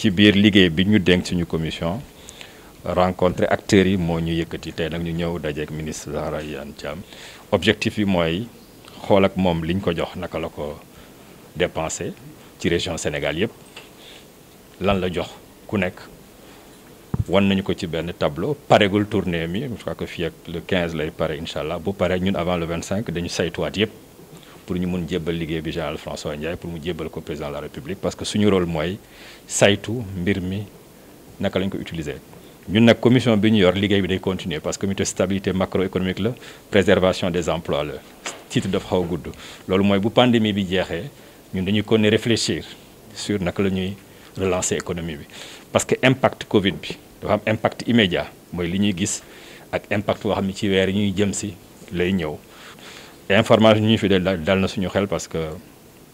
ci ligue liggéey bi ñu dénk suñu commission rencontré acteurs yi moo ñu yëkkati tey nag ñu ñëw ministre Zahra Iyane objectif yi mooy xool ak moom liñ ko jox naka la ko dépenser ci région Sénégal yëpp lan la jox ku nekk wan nañu ko ci tableau paregul tournée mi je crois que fii ak le 15 lay paré, inshallah, allah bu pare ñun avant le 25 dañu saytuwaat yëpp pour ñu mun jébbal liggéey bi Jean François Ndiaye pour mu jébbal ko président de la République parce que suñu rôle moy saytu mbirmi mi naka lañ ko utiliser. ñun nak commission bi ñu yor ligue bi day continuer parce que comité stabilité macroéconomique la préservation des emplois le titre dafa xaw a gudd loolu mooy bu pandémie bi jéxé ñun dañuy kon réfléchir sur naka lañuy relancer économie bi parce que impact Covid bi dafa am impact immédiat moy li ñuy gis ak impact boo xamni ci wér ñuy jëm si lay ñëw information yi ñu fi de dal na suñu xel parce que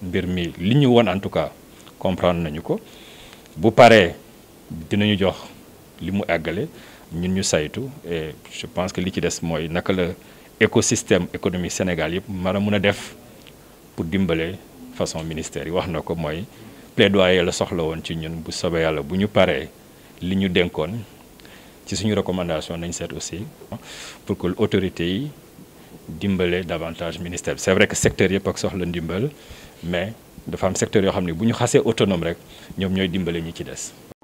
mbir mi li ñu won en tout cas comprendre nañu ko bu paré dinañu jox limu mu ñun ñu saytu et je pense que li ci dess moy naka écosystème économique Sénégal yépp mara mëna def pour dimbalé façon ministère wax nako moy plaidoyer la soxla won ci ñun bu soobee yalla bu ñu paré li ñu dénkoon ci suñu recommandation nañ seet aussi ah, pour que l'autorité yi dimbale davantage ministère c'est vrai que secteur yëpp ak soxla ndimbal mais de femmes secteur yoo xam ne autonome rek peut ñooy dimbale